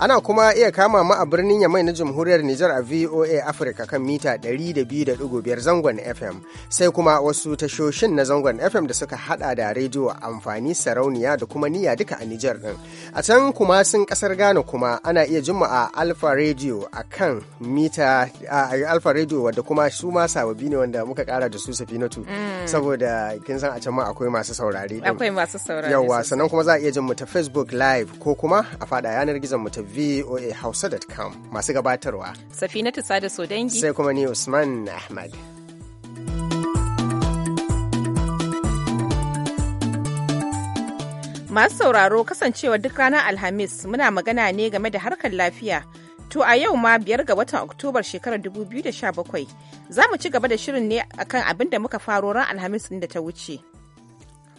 Ana kuma iya kama mu a birnin Yamai na Jamhuriyar Nijar a VOA Africa kan mita 200.5 zangon FM, sai kuma wasu tashoshin na zangon FM da suka hada da rediyo amfani sarauniya da kuma niya duka a Nijar din. A can kuma sun kasar Ghana kuma ana iya jin mu a Alpha Radio a kan mita a Alpha Radio wadda kuma su ma sababbi ne wanda muka kara da su Safinatu. Mm. Saboda kin san a can ma akwai masu saurare Akwai masu saurare. Yawwa sannan kuma za a iya jin mu ta Facebook Live ko kuma a fada yanar gizon mu ta voahausa.com masu gabatarwa. Safinatu Sada dangi. Sai kuma ni Usman Ahmad. Masu sauraro kasancewa duk ranar Alhamis muna magana ne game da harkar lafiya. To a yau ma biyar ga watan Oktobar shekarar 2017 za mu ci gaba da shirin ne akan abin da muka faro ran Alhamis da ta wuce.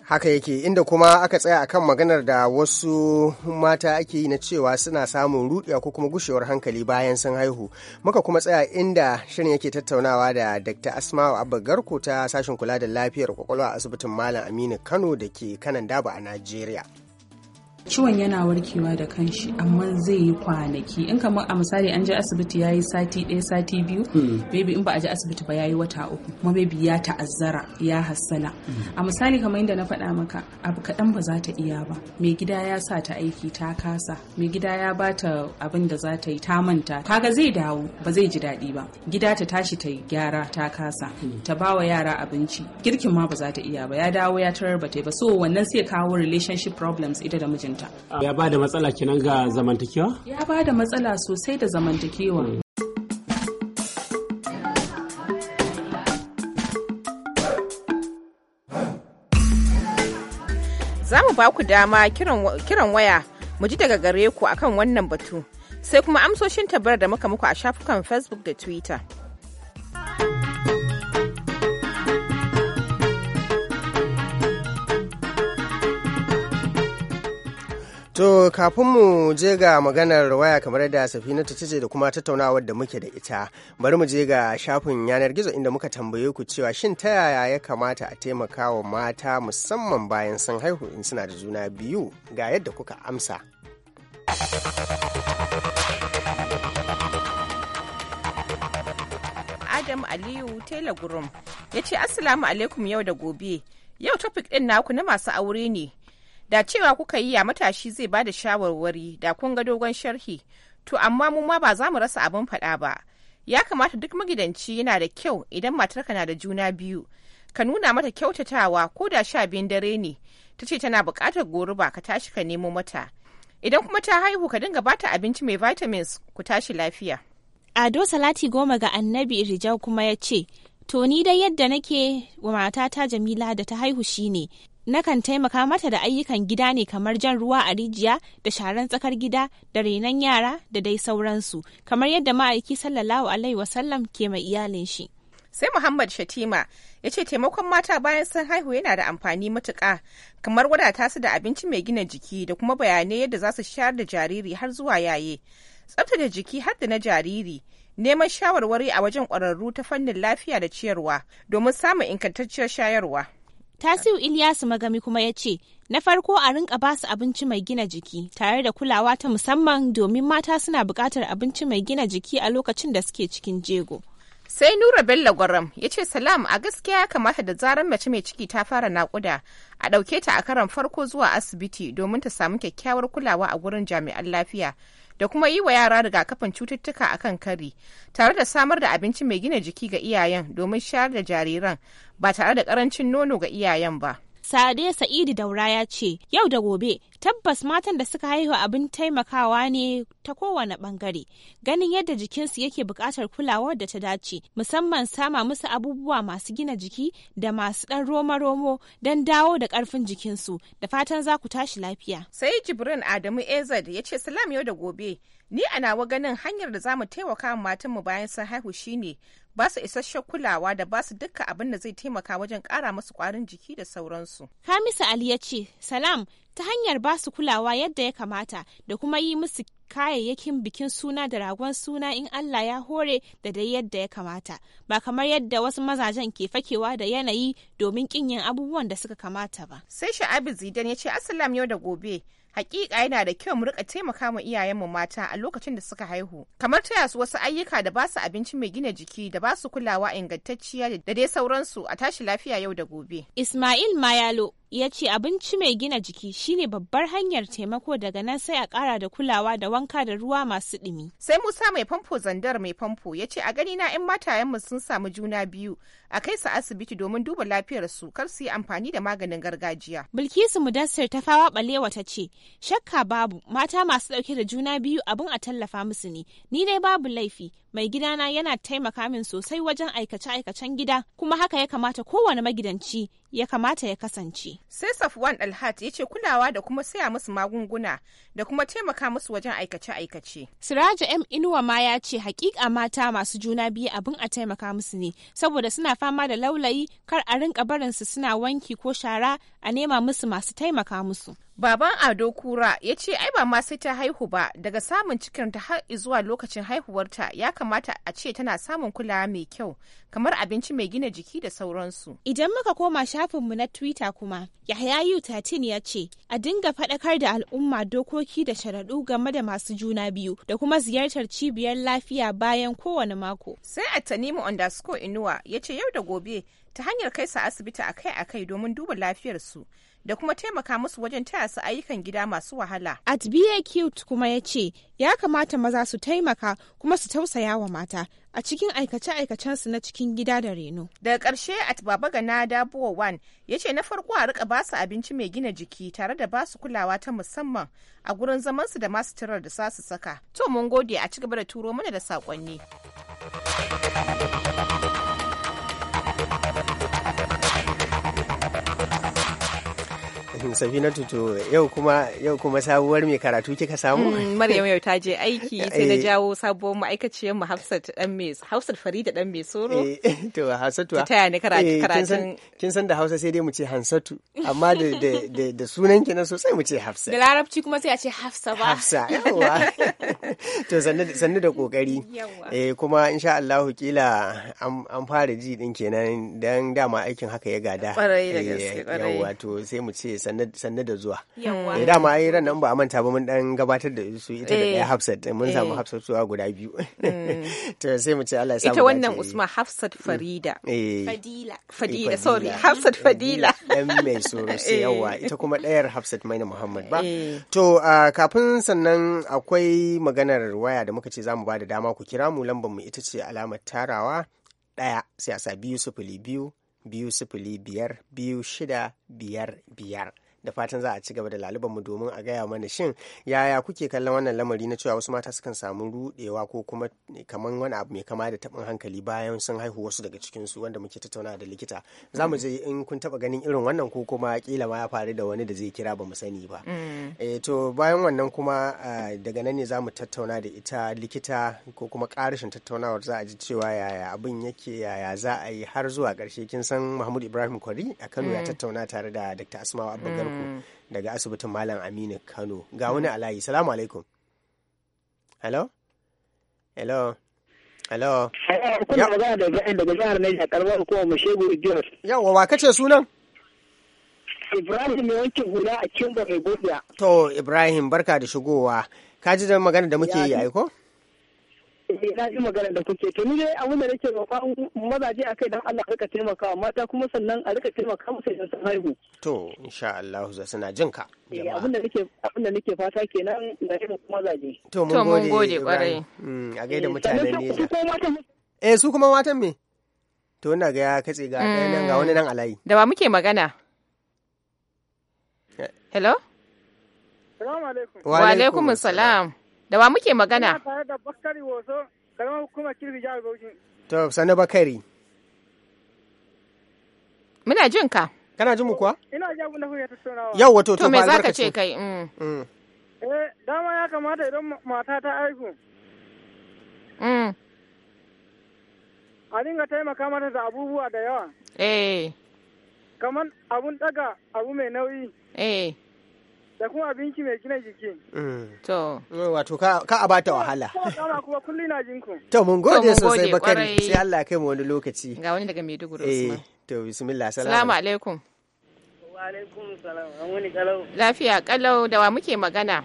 haka yake inda kuma aka tsaya akan maganar da wasu mata ake yi na cewa suna samun rudiya ko kuma gushewar hankali bayan sun haihu muka kuma tsaya inda shirin yake tattaunawa da dr asma'u abba garko ta sashen kula da lafiyar kwakwalwa a asibitin malam aminu kano da ke kanan daba a najeriya ciwon yana warkewa da kanshi amma zai yi kwanaki in kamar a misali an je asibiti ya yi sati ɗaya sati biyu hmm. maybe in ba a je asibiti ba ya yi wata uku kuma maybe ya ta'azzara ya hassala hmm. a misali kamar inda na faɗa maka abu kaɗan ba za ta iya ba mai gida ya sa ta aiki ta kasa mai gida ya ba ta abin da za ta yi ta manta kaga zai dawo ba zai ji daɗi ba gida ta tashi ta gyara ta kasa hmm. ta ba wa yara abinci girkin ma ba za ta iya ba ya dawo ya tarar ba ta yi ba so wannan sai kawo relationship problems ita da mijin lokacinta. Ya ba da matsala kenan ga zamantakewa? Ya ba da matsala sosai da zamantakewa. Mm. Za mu ba ku dama kiran waya mu ji daga gare ku akan wannan batu sai kuma amsoshin tabbara da muka muku a shafukan Facebook da Twitter. To kafin mu je ga maganar waya kamar da safina ta ce da kuma tattaunawar da muke da ita bari mu je ga shafin yanar gizo inda muka tambaye ku cewa shin ta yaya ya kamata a taimaka wa mata musamman bayan sun haihu in suna da juna biyu ga yadda kuka amsa. Adam Aliyu Taylor Gurum ya ce Assalamu alaikum yau da gobe. Yau topic ɗin naku na masu aure ne. da cewa kuka yi ya matashi zai ba da shawarwari da kun ga dogon sharhi to amma mu ma ba za mu rasa abin faɗa ba ya kamata duk magidanci yana da kyau idan matarka na da juna biyu ka nuna mata kyautatawa ko da sha biyun dare ne ta ce tana buƙatar goruba ka tashi ka nemo mata idan kuma ta haihu ka dinga bata abinci mai vitamins ku tashi lafiya ado salati goma ga annabi rijau kuma ya ce to ni dai yadda nake wa matata jamila da ta haihu shine nakan taimaka mata da ayyukan gida ne kamar jan ruwa a rijiya da sharan tsakar gida da renon yara da dai sauransu kamar yadda ma'aiki sallallahu alaihi sallam ke mai iyalin shi sai muhammad shatima ya ce taimakon mata bayan sun haihu yana da amfani matuka kamar wadata su da abinci mai gina jiki da kuma bayanai yadda za su shayar da jariri har zuwa yaye tsabtace jiki har da na jariri neman shawarwari a wajen ƙwararru ta fannin lafiya da ciyarwa domin samun ingantacciyar shayarwa Tasiu Ilyasu Magami kuma ya ce, na farko a rinka basu abinci mai gina jiki tare da kulawa ta musamman domin mata suna buƙatar abinci mai gina jiki a lokacin da suke cikin jego. Sai Nura Bello Gwaram ya ce salam a gaskiya ya kamata da zarar mace mai ciki ta fara naƙuda a ɗauke ta a karan farko zuwa asibiti domin ta samu kyakkyawar kulawa a gurin jami'an lafiya. da kuma yi wa yara rigakafin cututtuka a kan kari tare da samar da abinci mai gina jiki ga iyayen domin shayar da jariran ba tare da karancin nono ga iyayen ba. Sade Sa'idu Daura ya ce, Yau da gobe, tabbas matan da suka haihu abin taimakawa ne ta kowane bangare, ganin yadda jikinsu yake buƙatar kulawar da ta dace, musamman sama musu abubuwa masu gina jiki da masu ɗan romo-romo don dawo da ƙarfin jikinsu, da fatan za ku tashi lafiya. Sai Jibrin Adamu Ezad ya ce, Salam yau da gobe, ni a nawa ganin hanyar da za mu taimaka matanmu bayan sun haihu shine ba su isasshen kulawa da ba su dukkan abin da zai taimaka wajen ƙara musu kwarin jiki da sauransu. Hamisu Ali ya ce, Salam, ta hanyar ba su kulawa yadda ya kamata da kuma yi musu kayayyakin bikin suna da ragon suna in Allah ya hore da dai yadda ya kamata, ba kamar yadda wasu mazajen ke fakewa da yanayi domin kin abubuwan da suka kamata ba. Sai Sha'abi Zidan ya ce, Asalam yau da gobe, hakika yana da kyau mu rika taimaka ma iyayenmu mata a lokacin da suka haihu kamar taya su wasu ayyuka da ba su abinci mai gina jiki da ba su kulawa ingantacciya da dai sauransu a tashi lafiya yau da gobe ismail mayalo ya ce abinci mai gina jiki shine babbar hanyar taimako daga nan sai a kara da kulawa da wanka da ruwa masu ɗumi. Sai Musa mai famfo zandar mai famfo ya ce a gani na 'yan matayenmu sun samu juna biyu a kai su asibiti domin duba lafiyar su kar su yi amfani da maganin gargajiya. Bilkisu Mudassir ta fawa balewa ta ce shakka babu mata masu ɗauke da juna biyu abin a tallafa musu ne ni dai babu laifi mai gidana yana taimaka min sosai wajen aikace-aikacen gida kuma haka ya kamata kowane magidanci ya kamata ya kasance. Sai Safwan Alhat ya ce kulawa da kuma saya musu magunguna da kuma taimaka musu wajen aikace-aikace. Siraja M Inuwa ma ya ce hakika mata masu juna biyu abin a taimaka musu ne saboda suna fama da laulayi kar a rinka barinsu suna wanki ko shara a nema musu masu taimaka musu. Baban Ado Kura ya ce ai ba ma sai ta haihu ba daga samun cikinta har zuwa lokacin haihuwarta ya kamata a ce tana samun kulawa mai kyau kamar abinci mai gina jiki da sauransu. Idan muka koma shafinmu na Twitter kuma, Yahaya Yutatin ya ce, a dinga faɗakar da al'umma dokoki da sharaɗu game da masu juna biyu da kuma ziyartar cibiyar lafiya bayan kowane mako. Sai a Tanimu underscore Inuwa ya ce yau da gobe ta hanyar kai su asibiti akai-akai domin duba lafiyarsu. da kuma taimaka musu wajen taya su ayyukan gida masu wahala. At BAQ kuma ya ce ya kamata maza su taimaka kuma su tausaya wa mata a cikin aikace-aikacensu na cikin gida da reno. Daga ƙarshe at Baba Gana Dabuwa Wan ya ce na farko a rika basu abinci mai gina jiki tare da basu kulawa ta musamman a gurin zamansu da masu tirar da su saka. To mun gode a ci gaba da turo mana da saƙonni. Safina Tuto yau kuma yau kuma sabuwar mai karatu kika samu? Mm, Maryam yau ta je aiki sai na eh. jawo sabuwar ma'aikaciyar mu Hafsat dan mai Hafsat Farida dan mai soro. Eh, to Hafsatu. Ta taya eh, karatun. Kin san da Hausa sai dai mu ce Hansatu amma da da da sunan ki na sosai mu ce Hafsa. Da Larabci kuma sai a ce Hafsa ba. Hafsa yawa. To sannu da kokari. Eh kuma insha Allah kila an fara ji din kenan dan dama aikin haka ya gada. Kwarai da gaske kwarai. Yawa to sai mu ce sanne da zuwa da ma a ran nan ba a manta ba mun dan gabatar da su ita da ɗaya eh. Hafsat mun samu eh. Hafsat zuwa guda biyu mm. to sai mu ce Allah ya samu ita wannan Usman Hafsat Farida mm. eh. Fadila Fadila sorry Hafsat Fadila dan mai soro sai yawa ita kuma ɗayar Hafsat Maina Muhammad ba to kafin sannan akwai maganar waya da muka ce mu ba da dama ku kira mu lambar mu ita ce alamar tarawa ɗaya sai a sa biyu sufuli biyu biyu sifili biyar biyu shida biyar biyar. da fatan za a ci gaba da laluban mu domin a gaya mana shin yaya kuke kallon wannan lamari na cewa wasu mata sukan samu rudewa ko kuma kamar wani abu mai kama da tabin hankali bayan sun haihu wasu daga cikin su wanda muke tattauna da likita za mu je in kun taba ganin irin wannan ko kuma kila ma ya faru da wani da zai kira ba mu sani ba mm. eh to bayan wannan kuma eh, daga nan ne za mu tattauna da ita likita ko kuma karishin tattaunawar za a ji cewa yaya abin yake yaya za a yi har zuwa karshe kin san Mahmud Ibrahim Kwari a Kano ya mm. tattauna tare da Dr. asma Abubakar farko mm. daga asibitin malam aminu kano ga wani alayi salamu alaikum hello hello hello kuna magana yawa wa kace sunan ibrahim yawancin wanke hula a kimba mai ibrahim barka da shigowa ka ji da magana da muke yi aiko Eh, na ji magana da kuke to ni dai abin da nake roƙa mazaje kai dan Allah rika wa mata kuma sannan a rika taimaka musu idan sun haihu to insha Allah za suna jin ka eh, abin da nake abin da nake fata kenan da irin mazaje to mun gode kwarai mm, a gaida eh, mutanen ne eh su kuma matan me to ina ga ya katse ga nan ga wani mm. nan alayi da ba muke magana hello Wa alaikum salam. Da wa muke magana? tare da Bakari To, sani Bakari. Muna jin ka. Yau wato to me zaka ce kai? Mm. Mm. Eh, dama ya kamata idan mata ta aiku. Mm. A dinga taimaka mata da abubuwa da yawa. Eh. Kamar abun daga abu mai nauyi. Eh. da kuma abinci mai gina jiki. Mm. To. Mm, wato ka a bata wahala. kuma kulli na jinku. To mun gode sosai bakari sai Allah kai mu wani lokaci. Ga wani daga Maiduguri eh, Usman. To bismillah salamu alaikum. Wa alaikum salam. An wani kalau. Lafiya kalau da wa muke magana?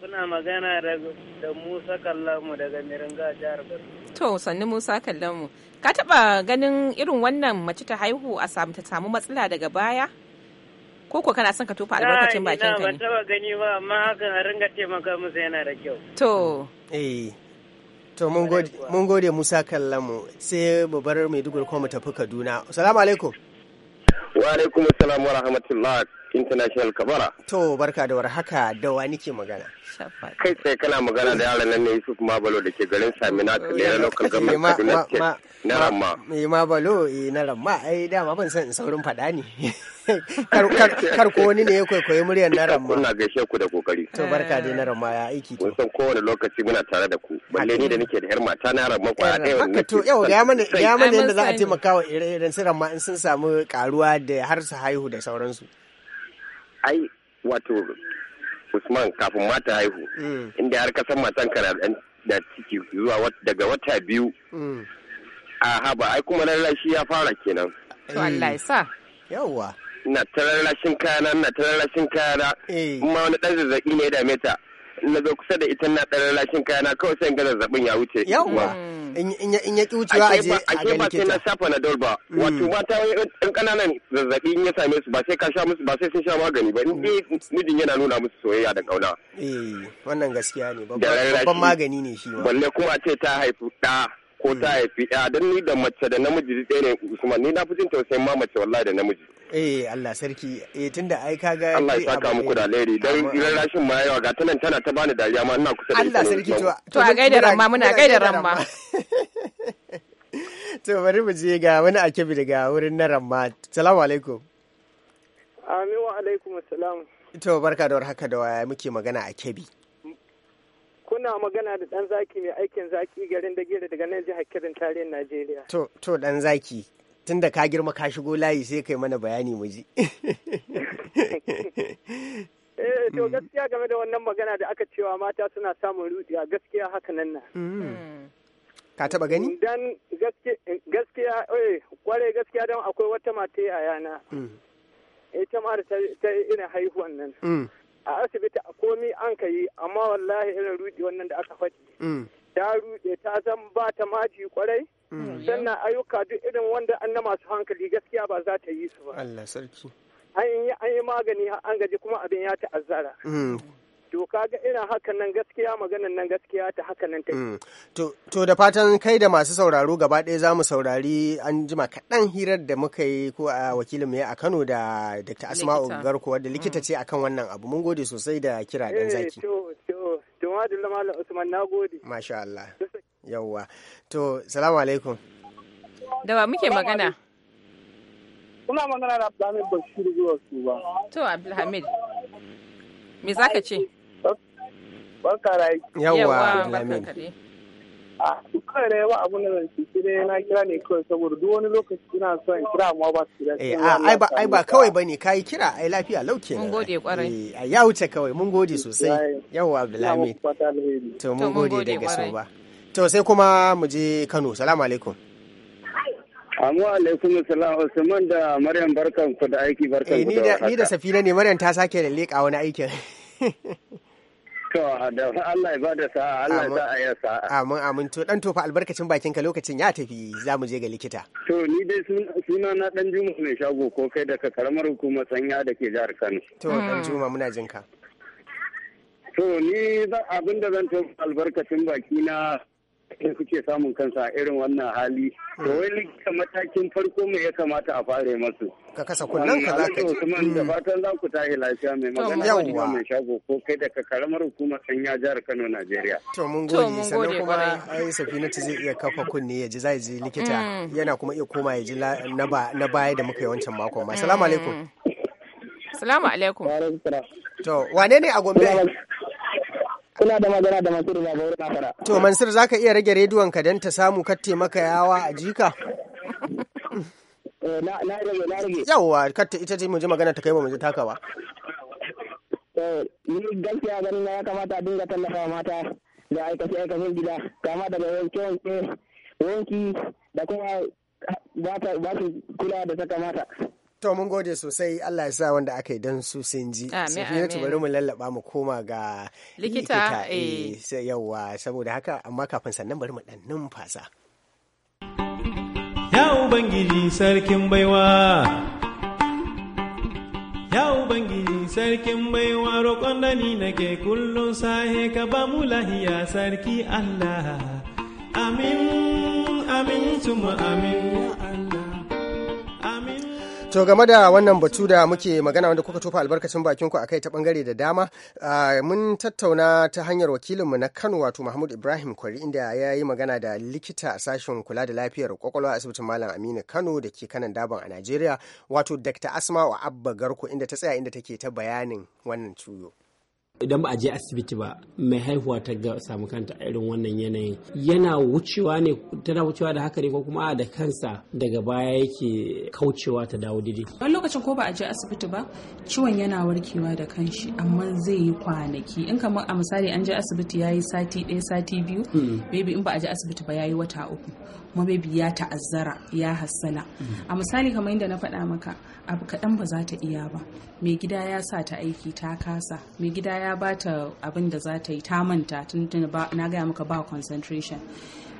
Kuna magana da Musa Kallamu daga Miringa jihar To sannu Musa Kallamu. Ka taba ganin irin wannan mace ta haihu a samu ta samu matsala daga baya? ko ko kana son ka tofa albarkacin bakin ka ne ba taba gani ba amma haka a ringa taimaka musu yana da kyau to eh to mun gode Musa kallamu sai mu bar Maiduguri kuma mu tafi Kaduna assalamu alaikum wa alaikum assalam wa rahmatullahi. international kabara to barka da warhaka da wa nike magana kai tsaye kana magana da yaran nan ne yusuf mabalo da ke garin samina kalera oh, local government kaduna na ramma me mabalo eh na ramma ai dama ban san saurin fada ne kar ko wani ne ya kwaikwayi muryar na ramma kuna gaishe ku da kokari to barka dai na ramma ya aiki to san kowane lokaci muna tare da ku balle ni da nake da yar mata na ramma kwaya ɗaya wannan to yau ga mana ga mana yadda za a taimaka wa ire-iren su ramma in sun samu karuwa da har su haihu da sauransu ai wato usman kafin mata haihu mm. inda har kasan matan kana da ciki zuwa daga wata biyu mm. a haba ai kuma lallashi ya fara kenan wallahi sa yawwa na ta lallashin kayana na ta lallashin kayana eh. kuma wani dan zazzabi ne da meta na zo kusa da ita na ɗan lashin kayana kawai sai ganin zaɓin ya wuce. Yawwa. Mm. In ya ƙi wucewa a je a ga likita. Ake ba sai na shafa na dolba. Mm. Wato mata ɗan ƙananan zazzabi in ya same su ba sai ka sha musu ba sai sun sha magani ba. Ni mm. mijin yana nuna musu soyayya da ƙauna. Eh wannan gaskiya ne babban magani ne shi ma. Balle kuma ce ta haifi ɗa. ko ta haifi ɗaya don ni da mace da namiji ɗaya ne Usman ni na fi jin tausayin ma mace wallahi da namiji. eh Allah sarki eh tunda ai kaga Allah ya saka muku da alheri dan ran rashin ma yawa ga tanan tana ta bani dariya ma ina kusa da Allah sarki to to a gaida ramma muna gaida ramma to bari mu je ga wani akebi daga wurin na ramma assalamu alaikum amin wa alaikum assalam to barka da warhaka da waya muke magana a kebi kuna magana da dan zaki mai aikin zaki garin da daga nan jihar Kebbi tarihin Najeriya to to dan zaki tun da ka girma ka shigo layi sai kai mana bayani mu ji. Eh to mm. gaskiya game da wannan magana da aka cewa mata suna samun a gaskiya haka nan na. Mm. Mm. Ka taba gani? Dan gaskiya kware eh, gaskiya don akwai wata mata a yana. Ita ma da ta irin haihuwan nan. A asibiti a komi an ka yi amma wallahi irin rudi wannan da aka faɗi. ta ruɗe ta zan ba ta maji kwarai mm. sannan ayyuka duk irin wanda an na masu hankali gaskiya ba za ta yi su ba Allah sarki an yi an yi magani an gaji kuma abin ya ta'azzara mm. to kaga irin hakan nan gaskiya maganan nan gaskiya ta hakan nan ta mm. to da fatan kai da masu sauraro gaba ɗaya za mu saurari an jima kaɗan hirar da muka yi ko a wakilin mu a Kano da Dr. Asma'u Garko wadda likita ce akan wannan abu mun gode sosai da kira dan eh, zaki madalla malam usman na gode masha Allah yawwa to salamu alaikum ba muke magana kuna magana da Abdulhamid Bashir zuwa su ba to Abdulhamid me zaka ce barka rai yawwa Abdulhamid a dukkan da yawa abu na zance shi dai na kira ne kawai saboda duk wani lokaci ina so in kira amma ba su kira eh ai ba ai ba kawai bane kai kira ai lafiya lauke mun gode kwarai eh ya wuce kawai mun gode sosai yawa Abdulhamid to mun gode daga ba to sai kuma mu je Kano salamu alaikum Amu alaikum salam Usman da Maryam barkan ku da aiki barkan ku da eh, ni da Safina ne Maryam ta sake da leƙa wani aikin da Allah ya ba da sa'a, Allah ya sa'a ya sa'a. Amin, amin. To, ɗan tofa albarkacin bakinka lokacin ya tafi za mu ga likita. To, ni dai suna na ɗan Juma mai shago ko kai daga karamar hukumar sanya da ke jihar Kano. To, ɗan Juma muna jin To, ni abin da zan tofa albarkacin baki na. in kuke samun kansa irin wannan hali to wai hmm. likita matakin farko mai ya kamata a fara masu ka kasa kullum ka za ka ji da hmm. fatan za ku tahi lafiya mai magana da mai shago ko kai daga karamar hukumar sanya jihar Kano Najeriya to mun gode sannan kuma ai Safinatu zai iya kafa kunne ya ji zai ji likita hmm. yana kuma iya koma ya ji na baya da muka yi wancan makon ma assalamu alaikum assalamu alaikum to wane ne a Gombe Kuna da magana da Mansur ga wurin Afara. To Mansur za ka iya rage rediyon ka don ta samu ka taimaka yawa a jika? Eh, na rage, na rage. Yawwa, ka ta ita ce mu ji magana ta kai mu ji taka ba. Eh, ni gaskiya ganin ya kamata a dinga tallafa mata da aikace-aikacen gida, kama daga wanke-wanke, wanki da kuma ba su kula da ta kamata. To mun gode sosai Allah ya sa wanda aka yi don su sun ji. Amin amin. bari mu lallaba mu koma ga likita eh. Eh, yauwa saboda haka amma kafin sannan bari mu dan numfasa. Ya Ubangiji sarkin baiwa. Ya Ubangiji sarkin baiwa roƙon da ni nake kullum sahe ka ba mu lahiya sarki Allah. Amin, amin, tuma amin, ya Allah. To game da wannan batu da muke magana wanda kuka tofa albarkacin bakin ku akai ta bangare da dama mun tattauna ta hanyar wakilinmu na Kano wato Mahmud Ibrahim Kwari inda ya yi magana da likita a sashen kula da lafiyar kwakwalwa asibitin Malam Aminu Kano da ke kanan daban a Najeriya wato Dr. Asma wa Abba Garko inda ta tsaya inda take ta bayanin wannan cuyo idan ba a je asibiti ba mai haihuwa ta ga samu kanta a irin wannan yanayin yana wucewa ne tana wucewa da haka ne ko kuma da kansa daga baya yake kaucewa ta dawo daidai wani lokacin ko ba a je asibiti ba ciwon yana warkewa da kanshi amma zai yi kwanaki in kamar a misali an je asibiti ya yi sati ɗaya sati biyu hmm. baby in ba a je asibiti ba ya yi wata uku kuma baby ya ta'azzara ya hassala hmm. a misali kamar yadda na faɗa maka abu kaɗan ba za ta iya ba mai gida ya sa ta aiki ta kasa mai gida ya bata abin da za ta yi ta manta tun na gaya maka ba concentration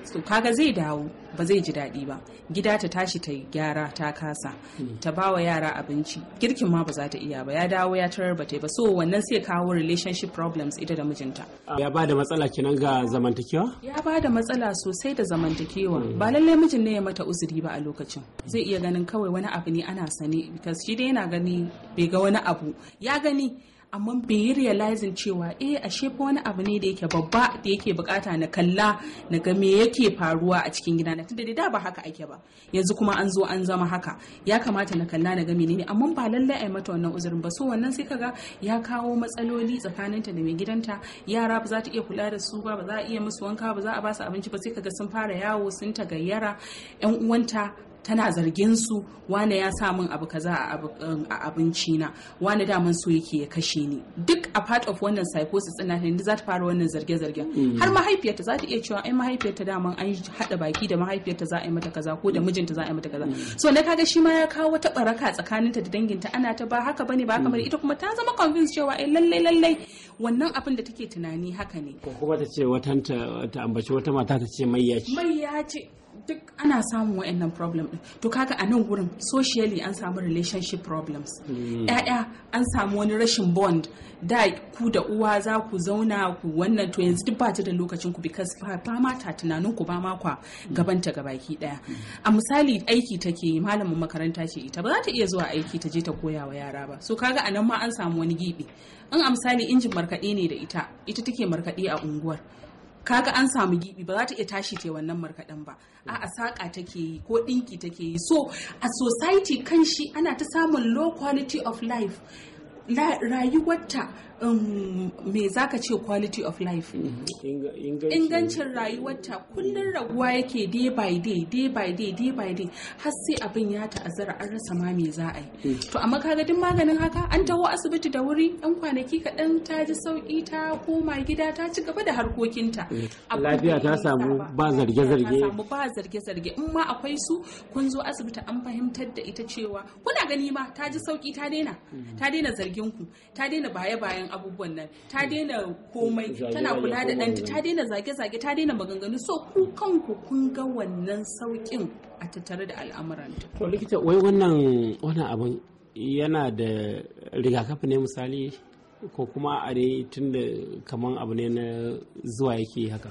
so kaga zai dawo ba zai ji daɗi ba gida ta tashi ta gyara ta kasa hmm. ta ba wa yara abinci girkin ma ba za ta iya ba ya dawo ya tarar ba ta ba so wannan sai kawo relationship problems ita da mijinta ah. ya ba da matsala kinan ga zamantakewa ya ba da matsala sosai da zamantakewa hmm. ba lallai mijin ne ya mata uzuri ba a lokacin zai iya ganin kawai wani abu ne ana sane because shi dai yana gani bai ga wani abu ya gani amma bai yi realizing cewa eh ashe fa wani abu ne da yake babba da yake bukata na kalla na ga me yake faruwa a cikin gida na tunda da ba haka ake ba yanzu kuma an zo an zama haka ya kamata na kalla na ga menene amma ba lallai ai mata wannan uzurin ba so wannan sai kaga ya kawo matsaloli tsakaninta da mai gidanta yara ba za ta iya kula da su ba ba za a iya musu wanka ba za a ba su abinci ba sai kaga sun fara yawo sun tagayyara yan uwanta tana zargin su wane ya sa min abu kaza um, a abinci na wane daman so yake ya kashe ni duk a part of wannan psychosis ina nata za ta fara wannan zarge-zargen mm. har mahaifiyarta za ta iya cewa ai mahaifiyarta daman an hada baki da mahaifiyarta za a yi mata kaza ko da mm. mijinta za a yi mata kaza mm. so na kaga shi ma ya kawo wata baraka tsakaninta da danginta ana ta ba haka bane ba haka bane ita kuma ta zama convinced cewa ai lalle lalle wannan abin da take tunani haka ne ko kuma ta ce wata ta ambaci wata mata ta ce mai mai duk ana samun wa'annan problem din to kaga a nan gurin socially an samu relationship problems mm. ya'ya an samu wani rashin bond da ku da uwa za ku zauna ku wannan to yanzu duk ba ta da lokacin ku because ba ma ta tunanin ku ba ma kwa gaban ta gabaki daya a misali aiki take yi malamin makaranta ce ita ba za ta iya zuwa aiki ta je ta koya wa yara ba so kaga a nan ma an samu wani gibi in a misali injin markaɗe ne da ita ita take markaɗe a unguwar kaga an samu gibi ba za ta iya tashi ta wannan markaɗen ba a a saƙa take yi ko ɗinki take yi so a society kan shi ana ta samun low quality of life rayuwarta Um, me zaka ce quality of life mm, ingancin rayuwarta kullum raguwa yake day by day day by day day by day har sai abin ya ta'azzara an rasa ma me za a yi mm. to amma kaga duk maganin haka an taho asibiti da wuri ɗan kwanaki kaɗan ta ji sauki ta koma gida ta ci gaba da harkokinta mm. lafiya ta samu ba zarge-zarge ba zarge-zarge in ma akwai su kun zo asibiti an fahimtar da ita cewa kuna gani ma ta ji sauki ta daina ta daina zargin ku ta daina baya bayan abubuwan nan ta hmm. daina komai tana kula da ɗanta ta daina zage-zage ta daina maganganu so ku hmm. kanku kun ga wannan saukin a tattare da al'amuranta. to likita wai wannan wannan abin yana da rigakafi ne misali ko kuma a tun da kaman abu ne na zuwa yake haka.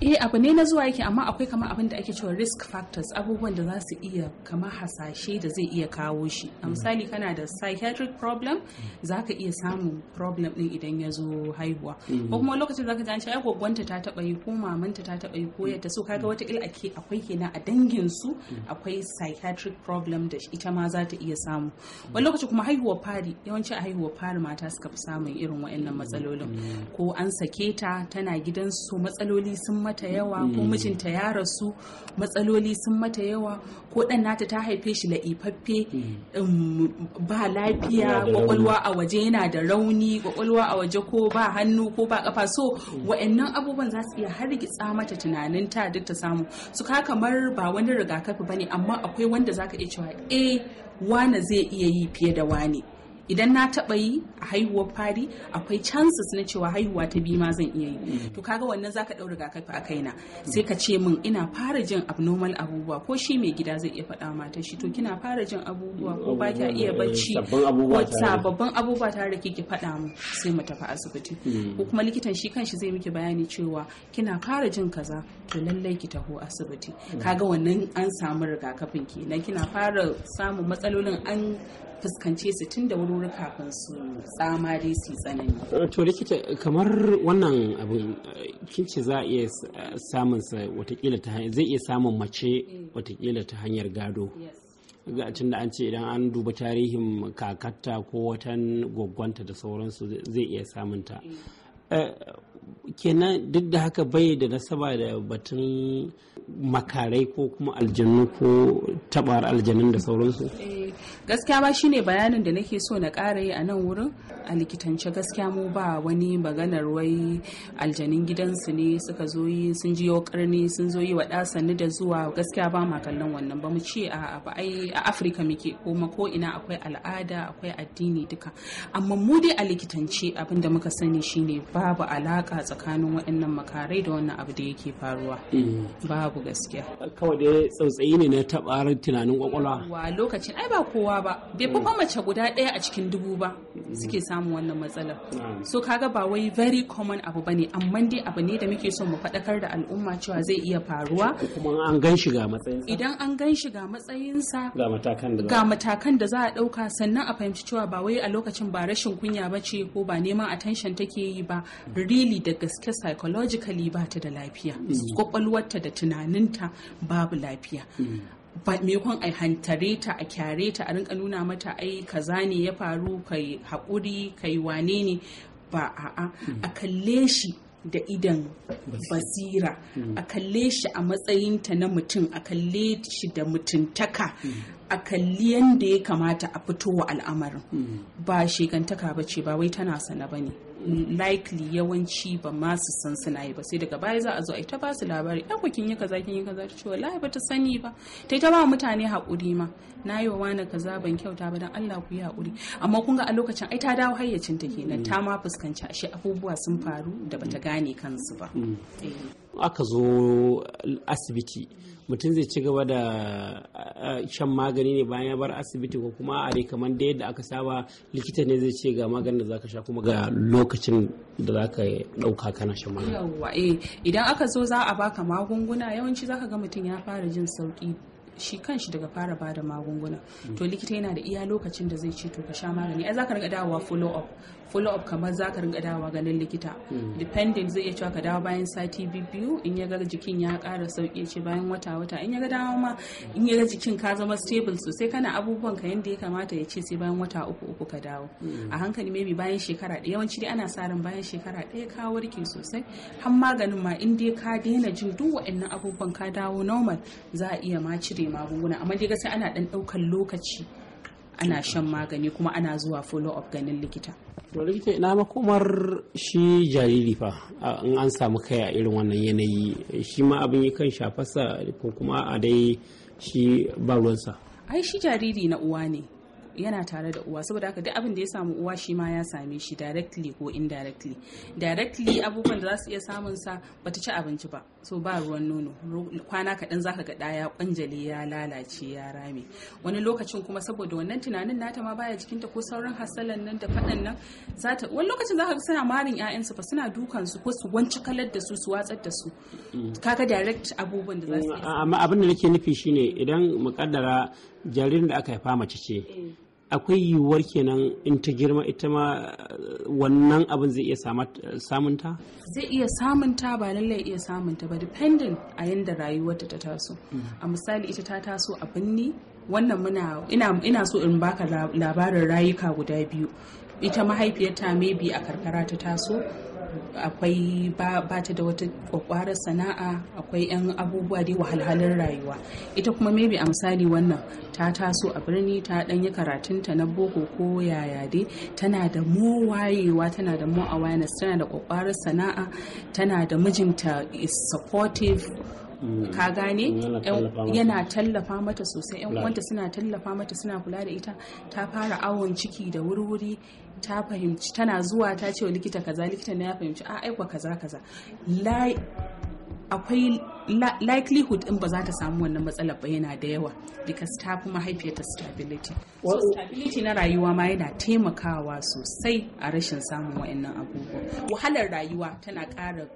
eh abu ne na zuwa yake amma akwai kama abin da ake cewa risk factors abubuwan da za su iya kamar hasashe da zai iya kawo shi a mm-hmm. misali kana da psychiatric problem mm-hmm. za ka iya samun problem din idan ya zo haihuwa mm-hmm. ko kuma lokacin za ka ji an ce gwaggwanta ta taba yi ko mamanta ta taba yi ko yadda so kaga wata ila ake akwai kenan a dangin su akwai psychiatric problem da ita ma za ta iya samu wani lokaci kuma haihuwa fari yawanci a haihuwa fari mata suka fi samun irin wa'annan matsalolin ko an sake ta tana gidan su matsaloli sun mata yawa ko mm. mijinta ya rasu matsaloli sun mata yawa ko ɗan nata ta haife shi la'ifaffe mm. um, ba lafiya kwakwalwa a waje yana da rauni kwakwalwa a waje ko ba hannu ko ba kafa so mm. wa'annan abubuwan za su iya hargitsa mata tunanin ta duk ta samu su ka kamar ba wani rigakafi bane amma akwai wanda zaka iya cewa eh wane zai iya yi fiye da wane idan na taɓa yi a haihuwar fari akwai chances na cewa haihuwa ta biyu ma zan iya yi mm. to kaga wannan zaka ɗau rigakafi a kaina sai ka ce min ina fara jin abnormal abubuwa ko shi mai gida zai iya faɗa mata shi to kina fara jin abubuwa ko ba kya iya bacci sababbin abubuwa tare da kike faɗa mu sai mu tafi asibiti mm. ko kuma likitan shi kanshi zai miki bayani cewa kina fara jin kaza to lallai ki taho asibiti mm. kaga wannan an samu rigakafin kenan kina fara samun matsalolin an fuskance su tun da wuri kafin su tsama dai su tsanani. Eh, to likita kamar wannan abin eh, kin ce za a iya samun sa watakila ta zai iya samun mace mm. watakila ta hanyar gado. ga da an ce idan an duba tarihin kakatta ko watan gwaggwanta da sauransu zai iya samunta. Mm. Eh, kenan duk da haka bai da nasaba da batun makarai ko kuma aljanu ko tabar aljanun da sauransu eh, gaskiya ba shine bayanin da nake so na ƙara yi a nan wurin a likitance gaskiya mu ba wani maganar wai aljanin gidansu ne suka zo yi sun jiyo karni sun zo yi wa sannu da zuwa gaskiya ba ma kallon wannan ba mu ce a ai a afirka muke koma ko ina akwai al'ada akwai addini duka amma mu dai a likitance abin da muka sani shine babu alaka A tsakanin waɗannan makarai da wannan abu da yake faruwa eh. babu gaskiya kawai dai tsautsayi ne na tabar tunanin kwakwalwa wa lokacin ai ba kowa ba bai fi mace guda ɗaya a cikin dubu ba suke samun wannan matsalar so kaga ba wai very common abu bane amma dai abu ne da muke son mu faɗakar da al'umma cewa zai iya faruwa kuma an gan shi ga matsayinsa idan an gan shi ga matsayinsa ga matakan da za a ɗauka sannan a fahimci cewa ba wai a lokacin ba rashin kunya ba ce ko ba neman attention take yi ba really da gaske psychologically ba ta da lafiya kwakwalwarta da tunaninta babu lafiya ba maimakon a hantare ta a kyare ta a rinka nuna mata ai kaza ne ya faru kai haƙuri kai wane ne ba a'a a kalle shi da idan basira a kalle shi a matsayinta na mutum a kalle shi da mutuntaka a kalli yadda ya kamata a fito wa al'amarin hmm. ba shekantaka ba ce ba wai tana sana ba ne likely yawanci ba ma su san suna yi ba sai daga baya za a zo a ta ba su labari ɗan kukin yi kaza kin yi kaza ta ce wallahi ba ta sani ba ta ta ba mutane haƙuri ma na yi wa wani kaza ban kyauta ba dan Allah ku yi haƙuri amma kun ga a lokacin ai ta dawo hayyacin ta kenan ta ma fuskanci ashe abubuwa sun faru da bata gane kansu ba mm. eh. aka zo asibiti mutum zai ci gaba da shan magani ne bayan ya bar asibiti ko kuma a kamar da yadda aka saba likita ne zai ce ga maganin da zaka sha kuma ga lokacin da zaka dauka kana shan magani eh, idan aka zo za a baka magunguna yawanci zaka ga mutum ya fara jin sauki shi kanshi daga fara ba da magunguna mm. to likita yana da iya lokacin da zai ce to ka sha magani ai zaka rinka dawowa follow up follow up kamar zaka rinka dawowa ganin likita mm. dependent zai iya cewa ka dawo bayan sati biyu in ya ga jikin ya ƙara sauki ce bayan wata wata in ya ga dawo ma in ya ga jikin ka zama stable sosai kana abubuwan ka yanda ya kamata ya ce sai bayan wata uku uku ka dawo mm. a hankali maybe bayan shekara ɗaya yawanci dai ana sa ran bayan shekara ɗaya ka warke sosai har maganin ma in dai ka daina jin duk waɗannan abubuwan ka dawo normal za a iya ma cire ne magunguna amma dai gaskiya ana dan daukan lokaci ana shan magani kuma ana zuwa follow up ganin likita to likita ina makomar shi jariri fa in an samu kai a irin wannan yanayi shi ma abin yi kan shafarsa ko kuma a dai shi ba ruwansa ai shi jariri na uwa ne yana tare da uwa saboda haka duk abin da ya samu uwa shi ma ya same shi directly ko indirectly directly abubuwan da za su iya samun sa bata ci abinci ba so ba ruwan nono kwana kaɗan zaka ga ɗaya kwanjale ya lalace ya rame wani lokacin kuma saboda wannan tunanin nata ma baya jikinta ko sauran hasalan nan da faɗan nan zata wani lokacin zaka ga suna marin ƴaƴansu fa suna dukan su ko su wanci kalar da su su watsar da su mm. kaga direct abubuwan da za su iya mm, amma abin da nake nufi shine idan mukaddara jaririn da aka haifa mace ce eh. akwai yiwuwar kenan in ta girma ita ma wannan abin zai iya samunta? zai iya samunta ba lallai iya samunta ba dependent a yadda rayuwarta ta taso mm. a misali ita ta taso a binni wannan ina so in baka labarin rayuka guda biyu ita mahaifiyarta maybe a karkara ta taso akwai ba ta da wata kwakwara sana'a akwai 'yan abubuwa da wahalhalun rayuwa ita kuma maybe a misali wannan ta taso a birni ta karatun ta na boko ko yaya dai tana da mu wayewa tana da mu awareness tana da kwakwarar sana'a tana da mijinta is supportive Mm. ka gane yana tallafa mata sosai yan uwanta suna tallafa mata suna kula da ita ta fara awon ciki da wurwuri ta fahimci tana zuwa ta ce wa likita kaza likita na ya fahimci a aikwa kaza kaza akwai likelihood in ba za ta samu wannan matsalar ba yana da yawa because ta fi mahaifiyarta stability so stability na rayuwa ma yana taimakawa sosai a rashin samun wa'annan abubuwa wahalar rayuwa tana ƙara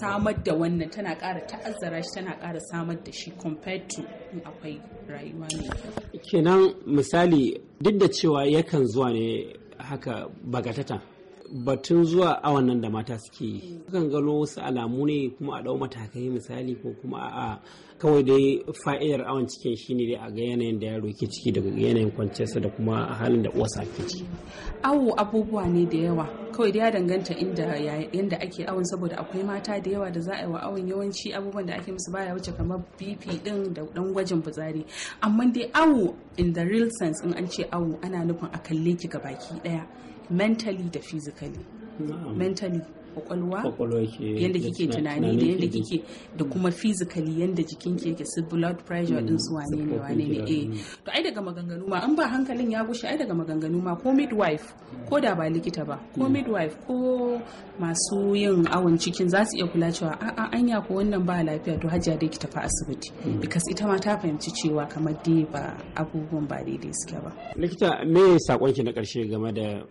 samar da wannan tana kara ta'azzara shi tana kara samar da shi compared to in akwai rayuwa ne kenan misali duk da cewa yakan zuwa ne haka bagatata batun zuwa awan nan da mata suke yi kan gano wasu alamu ne kuma a dau matakai misali ko kuma a kawai dai fa'idar awon cikin shine dai a ga yanayin da yaro ke ciki daga yanayin kwanciyarsa da kuma halin da uwarsa ke ciki awo abubuwa ne da yawa kawai dai ya danganta inda yanda ake awon saboda akwai mata da yawa da za a yi wa awon yawanci abubuwan da ake musu baya wuce kamar bp din da dan gwajin fitsari amma dai awo in the real sense in an ce awo ana nufin a kalle ki gabaki daya mentally da physically mentally kwakwalwa yadda kike tunani da yadda kike da kuma fizikali yadda jikinki yake su blood pressure din su wane ne mm, wane ne eh to ai daga maganganu ma an ba hankalin ya gushe ai daga maganganu ma ko midwife ko da ba likita ba ko mm. midwife ko masu yin awon cikin za su iya kula cewa a anya ko wannan ba lafiya to hajiya dai ki tafi asibiti mm. because ita ma ta fahimci cewa kamar dai ba abubuwan ba daidai suke ba likita me sakon ki na karshe game da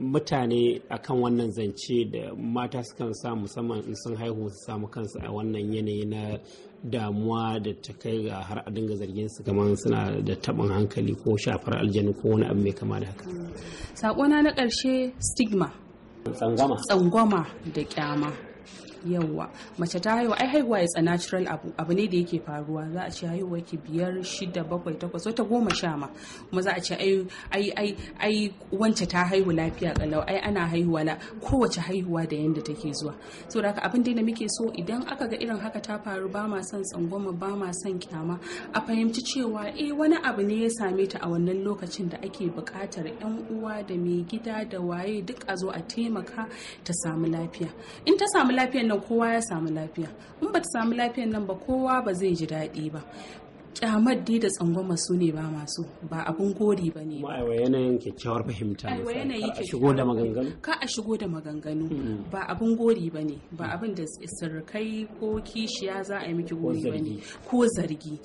mutane akan wannan zance da mata sukan sa musamman in sun haihu su samu kansu a wannan yanayi na damuwa da ta kai ga har a dinga zargin su kamar suna da taɓin hankali ko shafar aljanu ko wani abu mai kama da haka mm. saƙona na ƙarshe stigma tsangwama da ƙyama. yawa mace ta haihuwa ai haihuwa is a natural abu abu ne da yake faruwa za a ce haihuwa ke biyar shida bakwai takwas wata goma sha ma kuma za a ce ai ai ai ai wance ta haihu lafiya kalau ai ana haihuwa la kowace haihuwa da yanda take zuwa da haka abin da muke so idan aka ga irin haka ta faru ba ma son tsangwama ba ma son kyama a fahimci cewa eh wani abu ne ya same ta a wannan lokacin da ake buƙatar yan uwa da mai gida da waye duk a zo a taimaka ta samu lafiya in ta samu lafiya nan kowa ya samu lafiya in ba ta samu lafiyan nan ba kowa ba zai ji daɗi ba kyamar da tsangwama su ne ba masu ba abun gori ba ne ba yanayin kyakkyawar fahimta ka a shigo da maganganu a shigo da maganganu ba abun gori ba ne ba mm. abin da sirkai ko kishiya za a yi miki gori ba ne ko zargi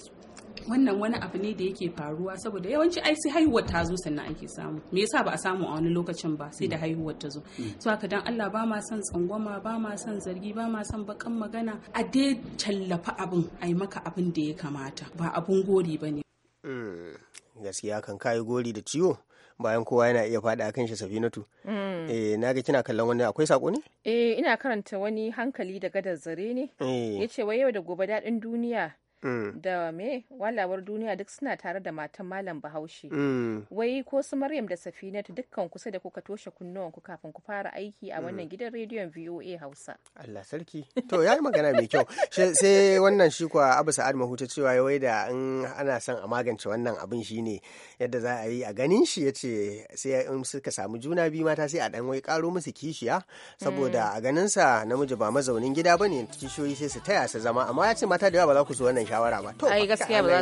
wannan wani abu ne da yake faruwa saboda yawanci ai sai haihuwar ta zo sannan ake samu me yasa ba a samu a wani lokacin ba sai da haihuwar ta zo so haka dan Allah ba ma son tsangwama ba ma son zargi ba ma son bakan magana a dai tallafa abin ai maka abin da ya kamata ba abun gori bane hmm, gaskiya kan kai gori da ciwo bayan kowa yana iya faɗa kan shi safinatu hmm. eh na ga kina kallon wani akwai sako ne eh ina karanta wani hankali da gadar zare ne eh. yace wai yau da gobe daɗin duniya Mm. da me walawar duniya duk suna tare da matan malam bahaushe mm. wai ko su maryam da safinatu dukkan kusa da kuka toshe kunnuwan ku kafin ku fara aiki a wannan mm. gidan rediyon voa hausa allah sarki to ya yi magana mai kyau sai wannan shi kuwa abu sa'ad mahuta cewa wai da in ana son a magance wannan abin shi ne. yadda za a yi a ganin shi ya ce sai in suka samu juna biyu mata sai a dan wai karo musu kishiya saboda a ganin sa namiji ba mazaunin gida bane kishiyoyi sai su taya su zama amma ya ce mata da yawa ba za ku so wannan shawara ba to ai gaskiya ba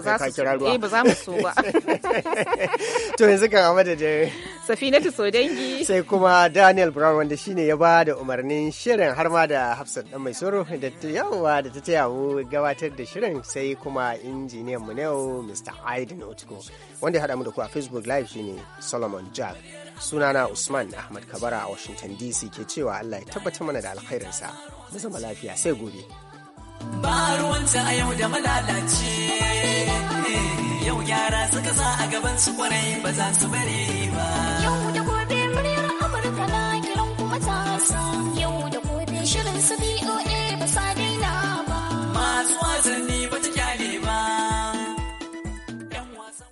za su kira ruwa eh ba za mu so ba to yanzu amma da Safinatu Sodangi sai kuma Daniel Brown wanda shine ya ba da umarnin shirin har ma da Hafsat dan mai soro da ta yawa da ta taya gabatar da shirin sai kuma injiniyan mu ne Mr. Aiden Otko wanda ya hada mu da ku a Facebook Live shine Solomon Jack sunana Usman Ahmad Kabara a Washington DC ke cewa Allah ya tabbata mana da alkhairinsa mu zama lafiya sai gobe Ba ruwanta a yau da malalace. Eh, yau gyara suka sa a gaban su kwarai ba za su bari ba.